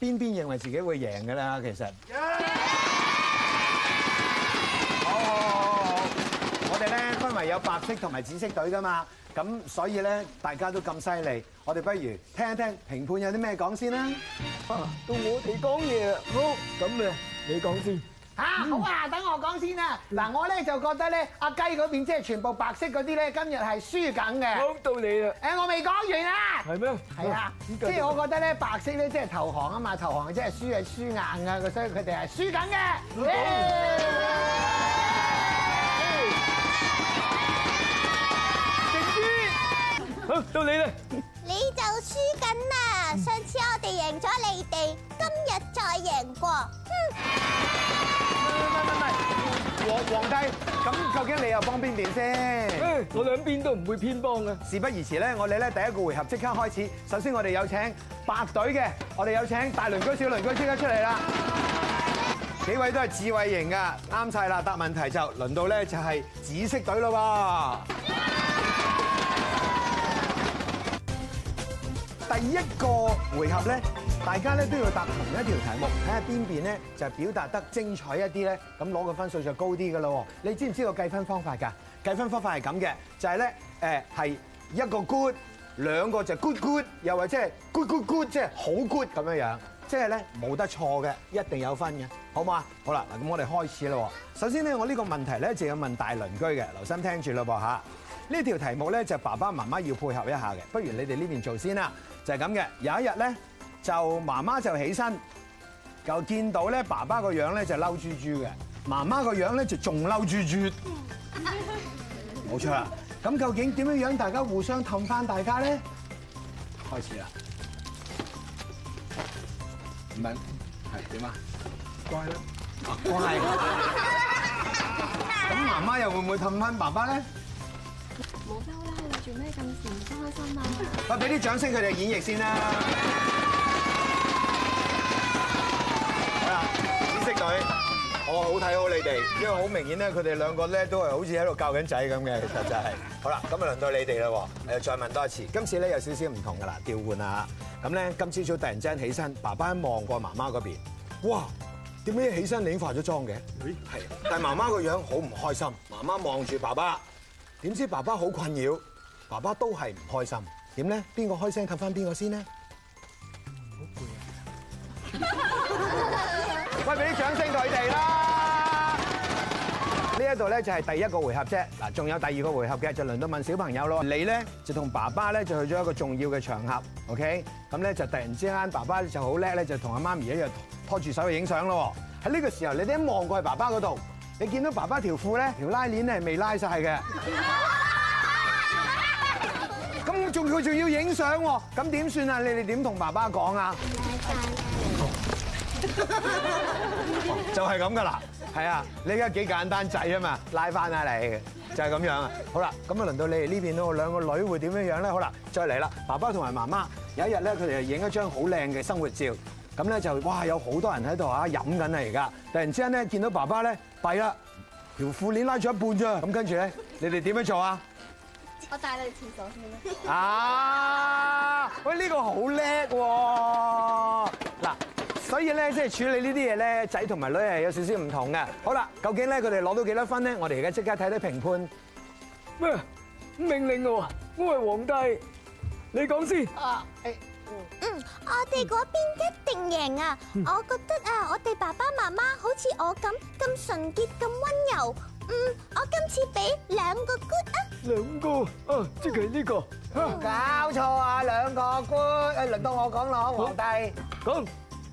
邊邊認為自己會贏㗎喇？其實，好好好好好，我哋呢分為有白色同埋紫色隊㗎嘛，咁所以呢大家都咁犀利，我哋不如聽一聽評判有啲咩講先啦。到我哋講嘢啦，好咁嘅，你講先。嚇好啊！等我講先啊！嗱，我咧就覺得咧，阿雞嗰邊即係全部白色嗰啲咧，今日係輸緊嘅。好，到你啦！誒，我未講完啊！係咩？係啊！即係我覺得咧，白色咧即係投降啊嘛，投降即係輸啊，輸硬啊，所以佢哋係輸緊嘅。好，到你啦！你就輸緊啦！上次我哋贏咗你哋，今日再贏過，哼！皇帝，咁究竟你又幫邊邊先？我兩邊都唔會偏幫嘅。事不宜遲咧，我哋咧第一個回合即刻開始。首先我哋有請白隊嘅，我哋有請大鄰居小鄰居即刻出嚟啦。幾位都係智慧型㗎，啱晒啦。答問題就輪到咧就係紫色隊啦喎。第一個回合咧。大家咧都要答同一條題目，睇下邊邊咧就係表達得精彩一啲咧，咁攞個分數就高啲噶啦。你知唔知個計分方法㗎？計分方法係咁嘅，就係咧誒係一個 good，兩個就 good good，又或者係 good good good，即係好 good 咁樣樣，即係咧冇得錯嘅，一定有分嘅，好唔好啊？好啦，嗱咁我哋開始啦。首先咧，我呢個問題咧，就要問大鄰居嘅，留心聽住啦噃嚇。呢、啊、條題目咧就、爸爸媽媽要配合一下嘅，不如你哋呢邊先做先啦，就係咁嘅。有一日咧。就媽媽就起身，就見到咧爸爸個樣咧就嬲豬豬嘅，媽媽個樣咧就仲嬲豬豬。冇錯啦，咁 究竟點樣樣大家互相氹翻大家咧？開始啦，五敏係點啊？乖啦，乖。咁媽媽又會唔會氹翻爸爸咧？冇嬲啦，做咩咁時唔開心啊？我俾啲掌聲佢哋演繹先啦。紫色隊，我好睇好你哋，因為很明顯他們好明顯咧，佢哋兩個咧都係好似喺度教緊仔咁嘅，其實就係。好啦，咁啊輪到你哋啦。誒，再問多一次，今次咧有少少唔同噶啦，調換啦。咁咧，今朝早突然間起身，爸爸一望過媽媽嗰邊，哇，點解起身你已經化咗妝嘅？係，但係媽媽個樣好唔開心。媽媽望住爸爸，點知爸爸好困擾，爸爸都係唔開心。點咧？邊個開聲及翻邊個先呢？快俾啲掌聲佢哋啦！呢一度咧就係第一個回合啫，嗱，仲有第二個回合嘅，就輪到問小朋友咯。你咧就同爸爸咧就去咗一個重要嘅場合，OK？咁咧就突然之間，爸爸就好叻咧，就同阿媽咪一樣拖住手去影相咯。喺呢個時候，你哋一望過去爸爸嗰度，你見到爸爸條褲咧條拉鍊呢，咧係未拉晒嘅，咁仲佢仲要影相喎，咁點算啊？你哋點同爸爸講啊？就係咁噶啦，係啊，你而家幾簡單仔啊嘛，拉翻下嚟，就係咁樣啊。好啦，咁啊輪到你哋呢邊啦，兩個女會點樣樣咧？好啦，再嚟啦，爸爸同埋媽媽有一日咧，佢哋就影一張好靚嘅生活照。咁咧就哇，有好多人喺度啊，飲緊啊而家。突然之間咧，見到爸爸咧，弊啦，條褲鏈拉咗一半啫。咁跟住咧，你哋點樣做啊？我帶你去廁所先啦。啊，喂，呢個好叻喎！所以咧，即係處理呢啲嘢咧，仔同埋女係有少少唔同嘅。好啦，究竟咧佢哋攞到幾多分咧？我哋而家即刻睇睇評判。咩？命令我，我係皇帝。你講先。啊，嗯，我哋嗰邊一定贏啊！我覺得啊，我哋爸爸媽媽好似我咁咁純潔咁溫柔。嗯，我今次俾兩個 good 啊。兩個啊，即係呢個。搞錯啊！兩個 good，誒，輪到我講囉，皇帝。講。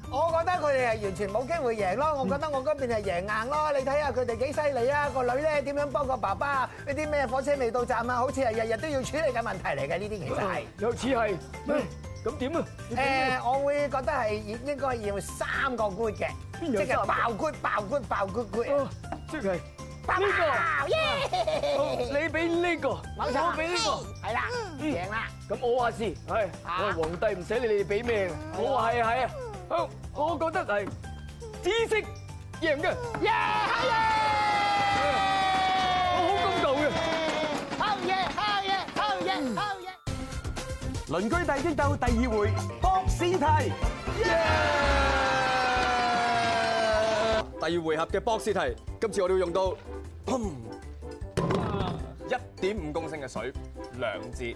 我覺得佢哋係完全冇機會贏咯，我覺得我嗰邊係贏硬咯。你睇下佢哋幾犀利啊！個女咧點樣幫個爸爸？呢啲咩火車未到站啊？好似係日日都要處理嘅問題嚟嘅呢啲，其實係又似係。咁點啊？誒，我會覺得係應該要三個官嘅，即係爆官、爆官、爆官官。即係呢個，你俾呢個，我俾呢個，係啦，贏啦。咁我話事，係我係皇帝，唔使你哋俾命。我話係啊，係啊。好，我覺得係紫色贏嘅，贏！好嘅，我好公道嘅，耶，耶，耶，耶。鄰居大激鬥第二回博斯提，第二回合嘅博斯提，今次我哋要用到，砰，一點五公升嘅水，兩字。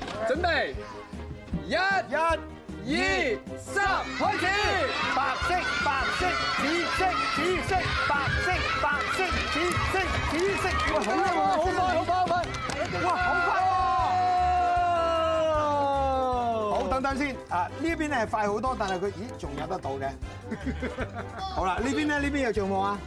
準備，一、二、三，開始！白色、白色、紫色、紫色、白色、白色、紫色、紫色，哇！好快喎！好，等等先啊，呢邊咧係快好多，但係佢咦仲有得到嘅， 好啦，呢邊呢邊咧呢邊有做冇啊！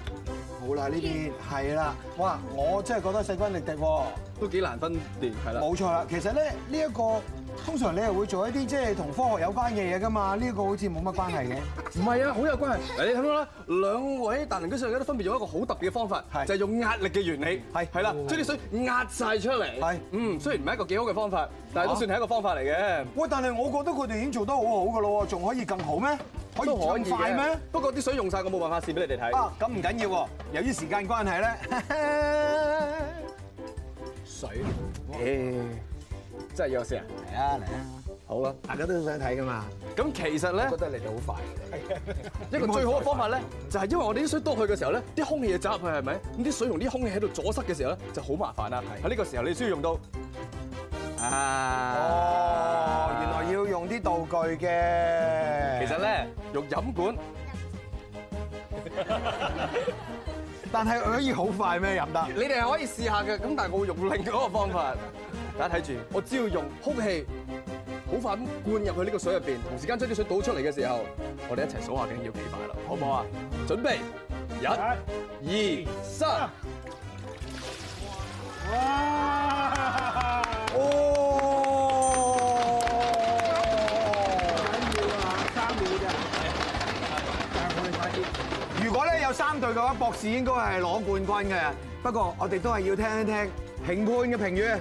好啦呢啲，係啦，哇！我真係覺得勢均力敵喎，都幾難分辨。係啦。冇錯啦，其實咧呢一個。通常你係會做一啲即係同科學有關嘅嘢㗎嘛？呢個好似冇乜關係嘅。唔係啊，好有關係。你睇下啦，兩位大鄰居上家都分別用一個好特別嘅方法，是 就係用壓力嘅原理，係係啦，將啲是的 水壓晒出嚟。係。嗯，雖然唔係一個幾好嘅方法，但係都算係一個方法嚟嘅，啊。喂，但係我覺得佢哋已經做得好好㗎啦喎，仲可以更好咩？可以再快咩？不過啲水用晒，我冇辦法試俾你哋睇。啊，咁唔緊要，由於時間關係咧，水。欸真係有事啊！嚟啊嚟啊！好啦，大家都想睇㗎嘛。咁其實咧，覺得嚟到好快。一個最好嘅方法咧，就係因為我哋啲水倒去嘅時候咧，啲空氣又入去係咪？咁啲水同啲空氣喺度阻塞嘅時候咧，就好麻煩啦。喺呢個時候你需要用到。哦，原來要用啲道具嘅。其實咧，用飲管。但係可以好快咩？飲得。你哋係可以試下㗎，咁但係我會用另外一個方法。大家睇住，我只要用空氣好快咁灌入去呢個水入邊，同時間將啲水倒出嚟嘅時候，我哋一齊數下究竟要幾快啦，好唔好啊？準備，一、二、三。哇！哦，緊要啊！三秒啫，但係我哋快啲。如果咧有三隊嘅話，博士應該係攞冠軍嘅。不過我哋都係要聽一聽評判嘅評語。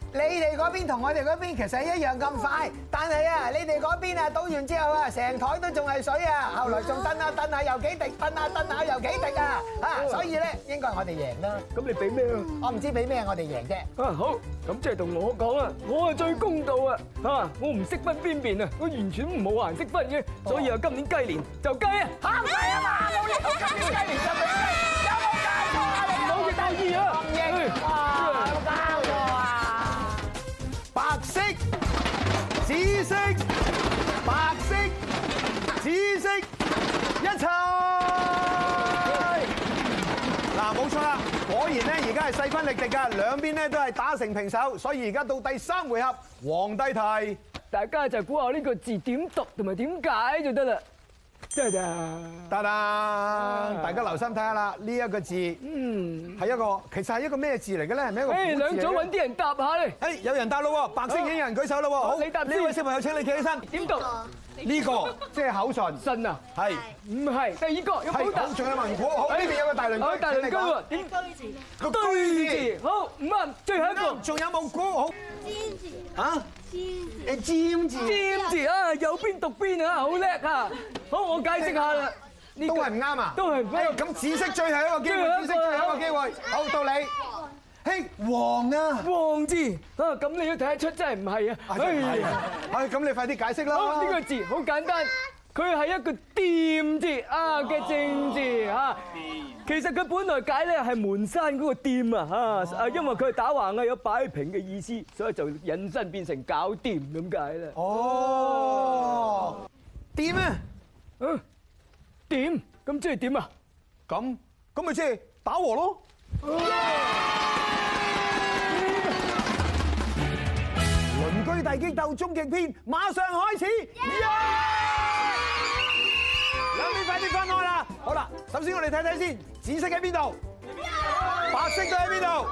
你哋嗰邊同我哋嗰邊其實一樣咁快，但係啊，你哋嗰邊啊倒完之後啊，成台都仲係水啊，後來仲燉下燉下又幾滴，燉下燉下又幾滴啊，嚇！所以咧應該我哋贏啦。咁你俾咩啊？我唔知俾咩我哋贏啫。啊好，咁即係同我講啊，我係最公道啊，嚇我唔識分邊邊啊，我完全唔冇話識分嘅，所以啊今年雞年就雞啊，鹹雞啊！直噶，兩邊咧都係打成平手，所以而家到第三回合皇帝題，大家就估下呢個字點讀同埋點解就得啦，即係啦，得啦，大家留心睇下啦，呢一個字，嗯，係一個其實係一個咩字嚟嘅咧？係咪一個？誒兩組揾啲人答下咧，誒有人答啦，白色嘅人、啊、舉手啦，好，你答。呢位小朋友請你企起身，點讀？呢個即係口唇，唇啊，係唔係？第二個係口唇啊，仲有蒙古好。呢邊有個大鄰居，大鄰居啊，點？堆字，好唔啱啊，最後一個，仲有蒙古好？尖字，嚇？尖字，尖字啊！有邊讀邊啊，好叻啊！好，我解釋下啦。呢個都係唔啱啊！都係唔啱。咁紫色最後一個機會，紫色最後一個機會，好，到你。嘿，王啊！王字啊，咁你都睇得出真係唔係啊？係啊，係啊，咁你快啲解釋啦！呢個字好簡單，佢係一個掂字啊嘅正字嚇。掂其實佢本來解咧係門山嗰個掂啊嚇，啊因為佢係打橫啊有擺平嘅意思，所以就引申變成搞掂咁解啦。哦，掂啊，嗯，掂，咁即係點啊？咁咁咪即係打和咯？大激鬥終極篇馬上開始！兩邊快啲分開啦！好啦，首先我哋睇睇先，紫色喺邊度？白色都喺邊度？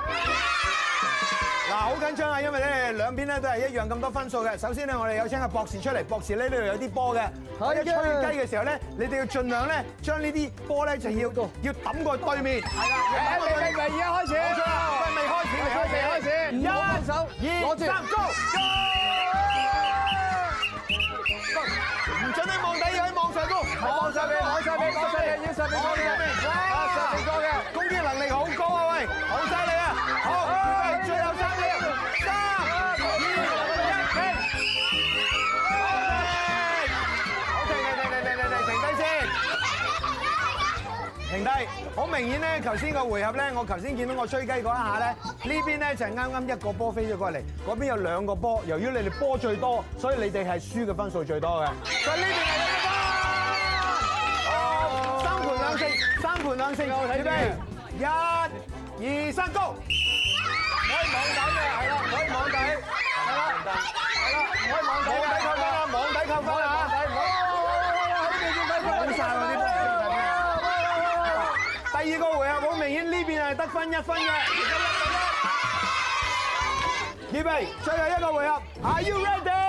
嗱，好緊張啊！因為咧兩邊咧都係一樣咁多分數嘅。首先咧，我哋有請個博士出嚟。博士咧呢度有啲波嘅，一吹雞嘅時候咧，你哋要盡量咧將呢啲波咧就要要抌過對面。係啦，大激未？而家開始。冇錯，未未開始，未開始，唔好放手，攞住，三，go，go。好犀利，好犀利，好犀利，要十秒過嘅，十秒過嘅，攻擊能力好高啊喂，好犀利啊，好，最後三秒，三二一零，OK，OK，停停停停停，停低先，停低，好明顯咧，頭先個回合咧，我頭先見到我吹雞嗰一下咧，呢邊咧就係啱啱一個波飛咗過嚟，嗰邊有兩個波，由於你哋波最多，所以你哋係輸嘅分數最多嘅，就呢邊。判兩勝，我睇邊。一、二、三，高。唔可以網底嘅，係啦，唔可以網底，係啦，係啦，唔可以網底扣分，網底扣分喇。好曬喎啲波！第二個回合好明顯，呢邊係得分一分嘅。準備，最後一個回合，Are you ready？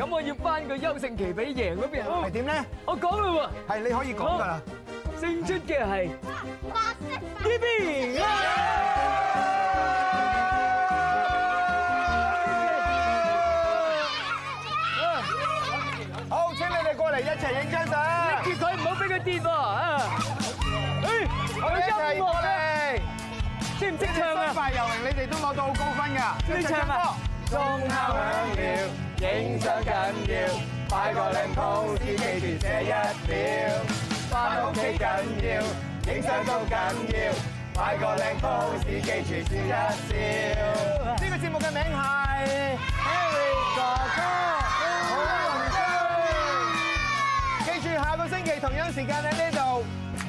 咁我要翻個優勝旗俾贏嗰邊，係點咧？我講啦喎，係你可以講噶啦。勝出嘅係白色 BB。好，請你哋過嚟一齊影張相。你跌佢唔好俾佢跌喎啊！誒，我哋一齊過嚟。識唔識唱啊？快游泳，你哋都攞到好高分噶。識唔識唱啊？鐘響了。影相緊要，擺個靚 pose，記住寫一秒。翻屋企緊要，影相都緊要，擺個靚 pose，記住笑一笑。呢個節目嘅名係 Harry 哥哥，好啊！記住下個星期同樣時間喺呢度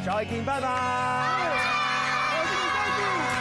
再見，拜拜。